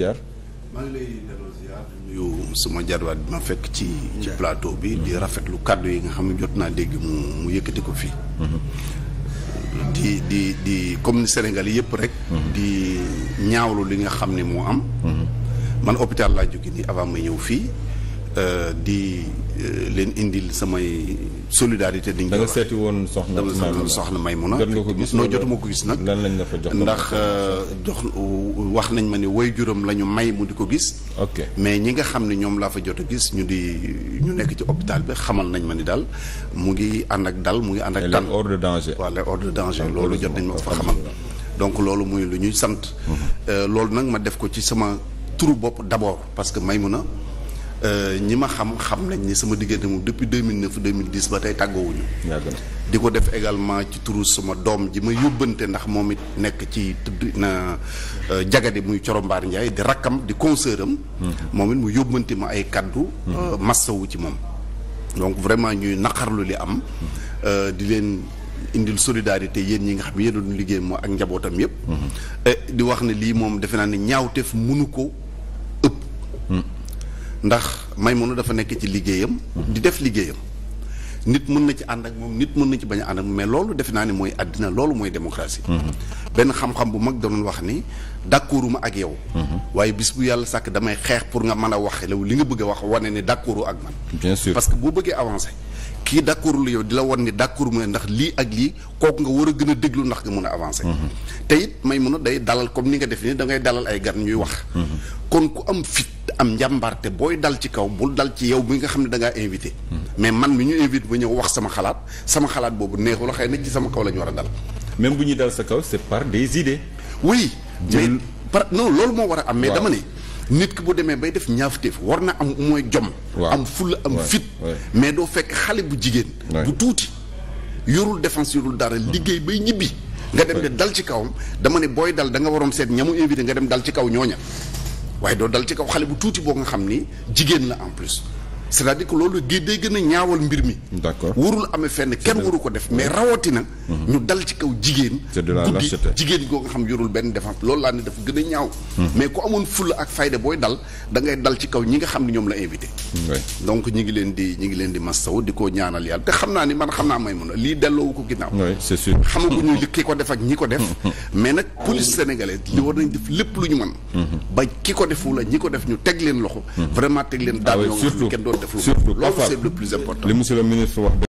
jaar maa ngi lay suma jarwaat bi ma fekk ci ci plateau bi di rafetlu kàddu yi nga xam ne jot naa dégg mu mu yëkkati ko fii mm-hmm. di di di comme ni Sénégal yëpp rek mm-hmm. di ñaawlu li nga xam ni moo am mm-hmm. man hôpital laa jóge nii avant ma ñëw fii Euh, di euh, leen indil samay solidarité diñ ko da nga seeti woon soxna soxna Maymuna noo jotuma ko gis nag lan lañ la fa jox ndax euh, jox wax nañ ma ne woy juróom la ñu may mu di ko gis ok mais ñi nga xam ne ñoom laa fa jot a gis ñu di ñu nekk ci hôpital bi xamal nañ ma ni daal mu ngi ànd ak dal mu ngi ànd ak tan hors de danger loolu jot nañ ma ko fa xamal donc loolu muy lu ñuy sant mhm. loolu nag ma def ko ci sama turu bopp d'abord parce que Maymuna Euh, ñi ma xam xam nañ ni sama diggante moom depuis 2009 2010 ba tey tàggoowuñu di ko def également ci turu sama doom ji ma yóbbante ndax moom it nekk ci tudd na euh, jagade muy corombaar Ndiaye di rakkam di consœur mm-hmm. moom it mu yóbbante ma ay kaddu mm-hmm. euh, massawu ci moom donc vraiment ñuy naqarlu li am mm-hmm. di leen indil solidarité yéen ñi nga xam yéen doon liggéey moo ak njabootam yëpp di wax ne lii moom defe naa ne ñaawteef mënu ko ëpp ndax Maymuna dafa nekk ci liggéeyam. di def liggéeyam. nit mën na ci ànd ak moom nit mën na ci bañ a ànd ak moom mais loolu defe naa ne mooy àddina loolu mooy démocratie. Mm-hmm. benn xam-xam bu mag doon wax ni d'accorduma ak yow. Mm-hmm. waaye bis bu yàlla sàkk damay xeex pour nga mën a wax yow li nga bëgg wax wane ni d'accordu ak man. bien parce que boo bëggee avancer. kii d'accord lu yow di la wan ni d'accord mu ndax lii ak lii kooku nga war a gën a déglu ndax nga mun a avancer. Mm-hmm. te may mun a day dalal comme ni nga def nii da ngay dalal ay gan ñuy wax. kon ku am fit. am te booy dal ci kaw bul dal ci yow bi nga xam ne da ngaa invité. mais man mi ñu invité ba ñëw wax sama xalaat sama xalaat boobu neexul xëy na ci sama kaw lañu war a dal. même bu ñuy dal sa kaw c'est par des idées. oui mais par non loolu moo war a am. mais dama ne nit ki bu demee bay def ñaafteef war na am mooy jom. am fulla am fit. mais doo fekk xale bu jigéen. bu tuuti yorul défense yorul dara liggéey bay ñibbi. nga dem de dal ci kawam dama ne booy dal da nga waroon seet ñamu invité nga dem dal ci kaw ñooña. waaye doo dal ci kaw xale bu tuuti boo nga xam ni jigéen la en plus c'est-à-dire que loolu gi day gën a ñaawal mbir mi. d'accord warul amee fenn kenn waru ko def mais rawatina. Mhm. ñu dal ci kaw jigéen. c'est de la lâcheté jigéen goo nga xam yorul benn défense loolu laa ne dafa gën a ñaaw. Mhm. mais ku amoon fulla ak fayda booy dal da ngay dal ci kaw ñi nga xam ne ñoom la invité. donc ñi ngi leen di ñi ngi leen di masaw di ko ñaanal yàlla te xam naa ni man xam naa may mun a lii delloowu ko ginnaaw. oui c'est sûr ki ko def ak ñi ko def. Mhm. mais nag police sénégalaise li war nañ lépp lu ñu mën. ba ki ko defu la ñi ko def ñu teg leen loxo. vraiment teg leen ah daal yoo def li monsieur le ministre wax